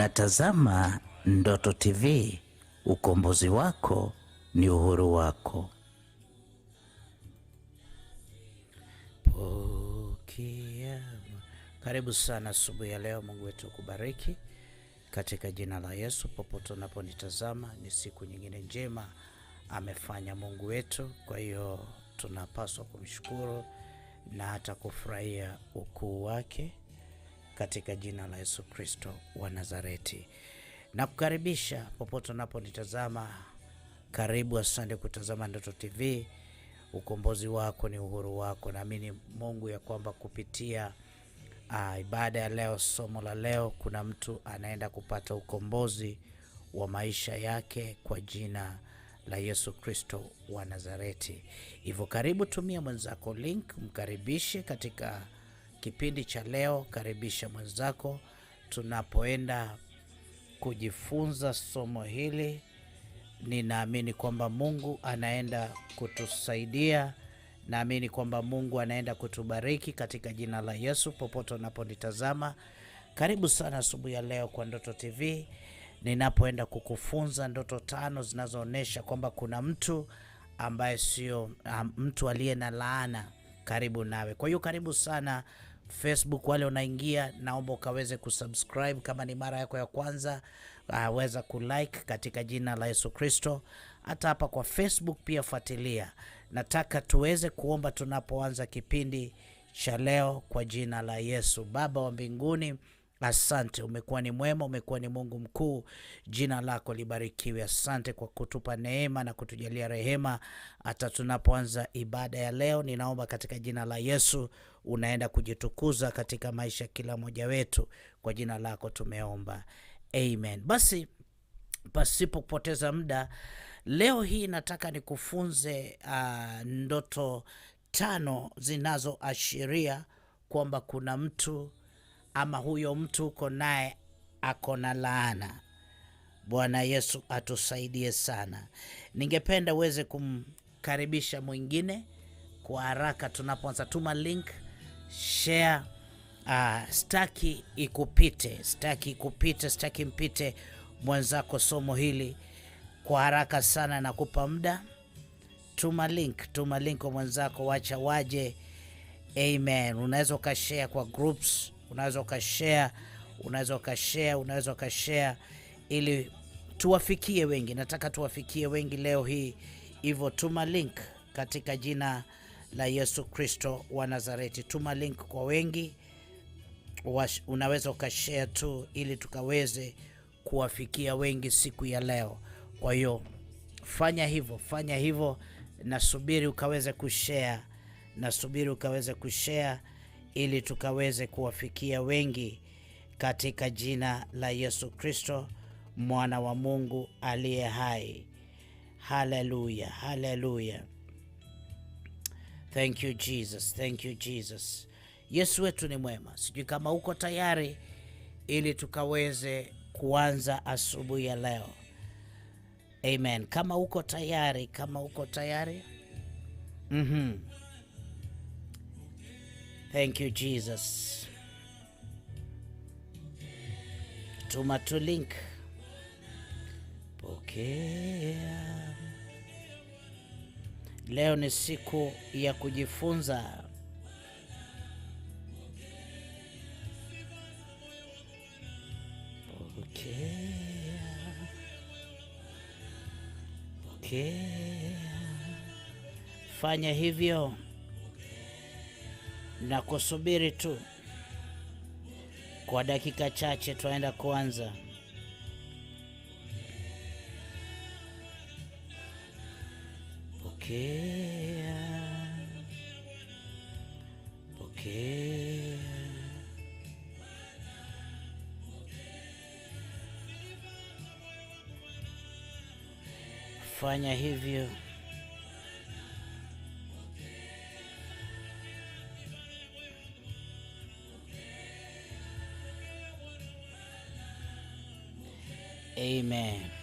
Unatazama Ndoto TV, ukombozi wako ni uhuru wako. Pokea. Karibu sana asubuhi ya leo, Mungu wetu akubariki katika jina la Yesu. Popote unaponitazama, ni siku nyingine njema amefanya Mungu wetu, kwa hiyo tunapaswa kumshukuru na hata kufurahia ukuu wake katika jina la Yesu Kristo wa Nazareti. Nakukaribisha popote unaponitazama, karibu. Asante kutazama Ndoto TV. Ukombozi wako ni uhuru wako. Naamini Mungu ya kwamba kupitia uh, ibada ya leo, somo la leo, kuna mtu anaenda kupata ukombozi wa maisha yake kwa jina la Yesu Kristo wa Nazareti. Hivyo karibu, tumia mwenzako link, mkaribishe katika Kipindi cha leo, karibisha mwenzako tunapoenda kujifunza somo hili. Ninaamini kwamba Mungu anaenda kutusaidia. Naamini kwamba Mungu anaenda kutubariki katika jina la Yesu. Popote unaponitazama, karibu sana asubuhi ya leo kwa Ndoto TV, ninapoenda kukufunza ndoto tano zinazoonyesha kwamba kuna mtu ambaye sio ah, mtu aliye na laana karibu nawe. Kwa hiyo karibu sana Facebook wale unaingia, naomba ukaweze kusubscribe kama ni mara yako ya kwanza. Uh, kulike katika jina la Yesu Kristo. Hata hapa kwa Facebook pia fuatilia. Nataka tuweze kuomba tunapoanza kipindi cha leo kwa jina la Yesu. Baba wa mbinguni Asante, umekuwa ni mwema, umekuwa ni Mungu mkuu, jina lako libarikiwe. Asante kwa kutupa neema na kutujalia rehema hata tunapoanza ibada ya leo. Ninaomba katika jina la Yesu unaenda kujitukuza katika maisha kila mmoja wetu, kwa jina lako tumeomba, amen. Basi pasipo kupoteza muda, leo hii nataka nikufunze uh, ndoto tano zinazoashiria kwamba kuna mtu ama huyo mtu uko naye ako na laana. Bwana Yesu atusaidie sana. Ningependa uweze kumkaribisha mwingine kwa haraka, tunapoanza tuma link share. Uh, staki ikupite, staki ikupite, staki mpite mwenzako somo hili kwa haraka sana. Nakupa muda, tuma link, tuma link kwa mwenzako, wacha waje. Amen. Unaweza ukashare kwa groups unaweza ukashare, unaweza ukashare, unaweza ukashare ili tuwafikie wengi. Nataka tuwafikie wengi leo hii, hivyo tuma link katika jina la Yesu Kristo wa Nazareti. Tuma link kwa wengi, unaweza ukashare tu ili tukaweze kuwafikia wengi siku ya leo. Kwa hiyo fanya hivyo, fanya hivyo. Nasubiri ukaweze kushare, nasubiri ukaweze kushare ili tukaweze kuwafikia wengi katika jina la Yesu Kristo mwana wa Mungu aliye hai. Haleluya, haleluya. Thank you Jesus, thank you Jesus. Yesu wetu ni mwema. Sijui kama uko tayari ili tukaweze kuanza asubuhi ya leo. Amen. Kama uko tayari, kama uko tayari. Mhm. Mm Thank you Jesus. Tuma tu link. Pokea. Leo ni siku ya kujifunza. Pokea. Pokea. Fanya hivyo na kusubiri tu kwa dakika chache, twaenda kuanza. Pokea, pokea, fanya hivyo. Amen.